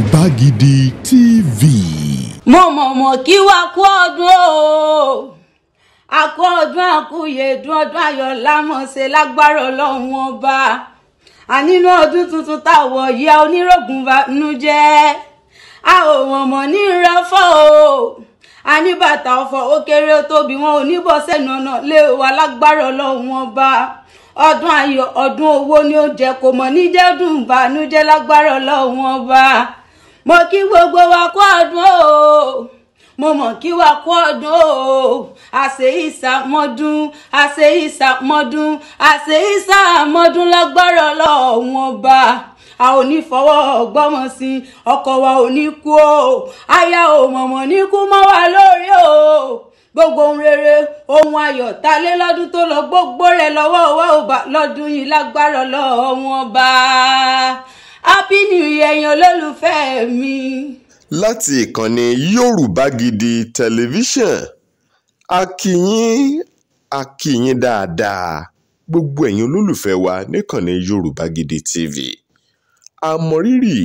Yorùbá Gidi TV. mo mọ̀ mọ̀ kí wá kú ọdún o àkú ọdún àkúyèdún ọdún ayọ̀ lámọ̀ọ́sẹ̀ lágbára ọlọ́run ọba ànínú ọdún tuntun táwọ̀ yẹ onírògùn banú jẹ́ a ò wọ̀n mọ̀ ní ìrẹ́fọ́ o a ọ̀fọ̀ ó kéré tóbi wọn ò ní bọ́ sẹ́nu ọ̀nà lé wa lágbára ọlọ́run ọba ọdún ayọ̀ ọdún owó ni ó jẹ́ kò mọ̀ níjẹ́ dùn bànújẹ́ lágbára ọlọ́run ọba mo kí gbogbo wa kú ọdún o mo mọ̀ kí wa kú ọdún o àṣẹ ìsàmọ́dún àṣẹ ìsàmọ́dún àṣẹ ìsàmọ́dún lágbára lọ́wọ́n ọba a ò ní fọwọ́ ọgbọ́mọ sí ọkọ wa ò ní kú o aya ò mọ̀mọ̀ ní kú mọ́ wa lórí o gbogbo ohun rere ohun ayọ̀ ta lé lọ́dún tó lọ gbogbo rẹ̀ lọ́wọ́ wa ò bá lọ́dún yìí lágbára lọ́wọ́n ọba happy new year ẹ̀yin olólùfẹ́ mi. láti ìkànnì Yorùbá Gidi tẹlifíṣàn a kí yín a kí yín dáadáa gbogbo ẹ̀yin olólùfẹ́ wa níkànnì Yorùbá Gidi TV a mọrírì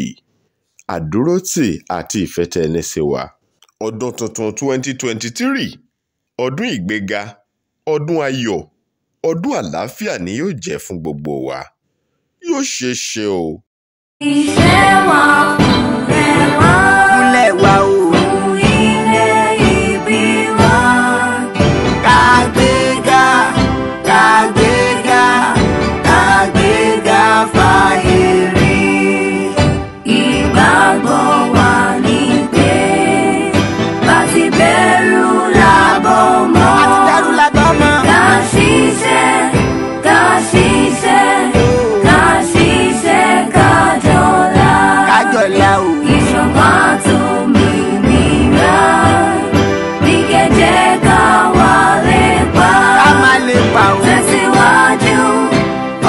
àdúrótì àti ìfẹ́tẹ̀ẹ́nisí wa ọdún tuntun 2023 ọdún ìgbéga ọdún ayọ̀ ọdún àlàáfíà ni yóò jẹ́ fún gbogbo wa yóò ṣeé ṣe o 你是我，我学我。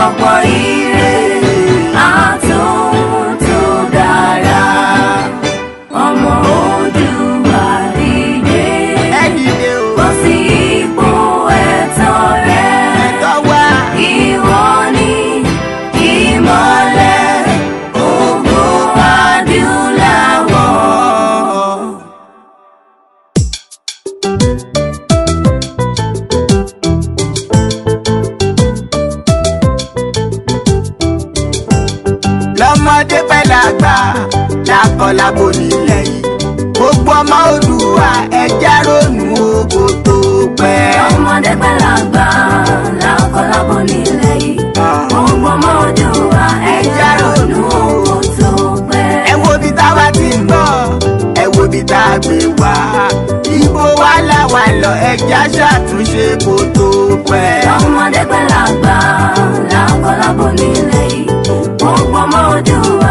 Havaí. tọmọdé fẹ́ làgbà lákọlábo nílẹ̀ yìí gbogbo ọmọ Oòduà ẹja ronú oko tó pẹ́. tọmọdé fẹ́ làgbà lákọlábo nílẹ̀ yìí gbogbo ọmọ Oòduà ẹja ronú oko tó pẹ́. ẹ wo bí táwa ti ń bọ̀ ẹ wo bí tá a gbé wá ibo wa là wà lọ ẹja ṣàtúnṣe kó tó pẹ́. tọmọdé fẹ́ làgbà lákọlábo nílẹ̀ yìí. more do